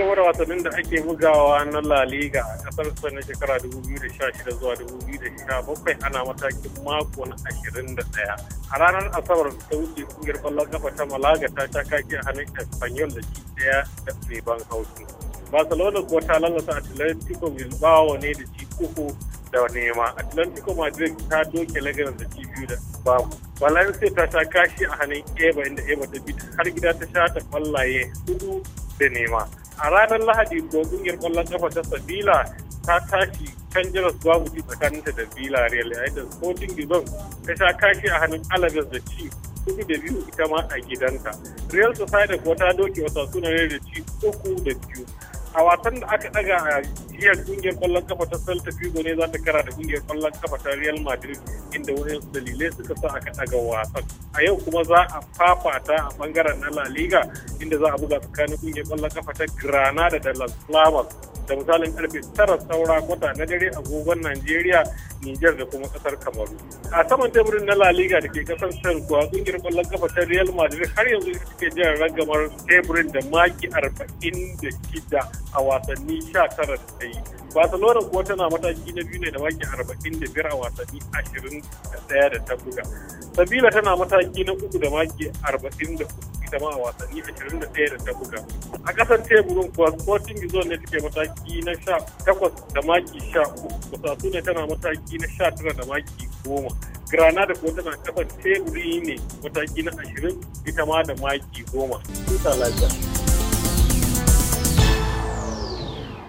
gaba da wasannin da ake bugawa na La Liga a kasar Spain na shekara 2016 zuwa 2017 ana matakin mako na 21. A ranar Asabar ta wuce kungiyar ƙwallon kafa ta Malaga ta sha kaki a hannun Espanyol da ci daya da Tsiban Hausu. Barcelona kuwa ta lalata Atletico Bilbao ne da ci uku da nema. Atletico Madrid ta doke Legas da ci biyu da babu. Valencia ta sha kashi a hannun Eba inda Eba ta bi har gida ta sha ta kwallaye hudu da nema a ranar lahadi ko ƙungiyar kwallon kafa ta sabila ta tashi kan jiras babu tsakanin tsakaninta da villarreal yayin da sporting gizon ta sha kashi a hannun alabes da ci kudu da biyu ita ma a gidanta real society ko ta doke wasa suna da ci uku da biyu a wasan da aka daga a jiyar kungiyar kwallon kafa ta Celta Vigo ne za ta kara da kungiyar kwallon kafa ta Real Madrid inda wani dalilai suka sa aka daga wasan a yau kuma za a fafata a bangaren na La Liga inda za a buga tsakanin kungiyar kwallon kafa ta Granada da Las Palmas da misalin karfe tara saura kwata na dare agogon Najeriya, Nijar da kuma kasar Kamaru. A saman teburin na La Liga da ke kasar San kuwa kungiyar kwallon kafa ta Real Madrid har yanzu suke jiran ragamar teburin da maki arba'in da shida a wasanni sha tara da ta yi. Barcelona kuwa tana mataki na biyu ne da maki arba'in da biyar a wasanni ashirin da ɗaya da ta buga. Sabila tana mataki na uku da maki arba'in da uku ita ma a wasanni ashirin da da ta buga. a kasar teburin kuwa sporting zone ne take mataki na sha takwas da maki sha uku ne tana mataki na sha tara da maki goma granada kuwa tana kasar teburi ne mataki na ashirin ita ma da maki goma. Tuta lafiya.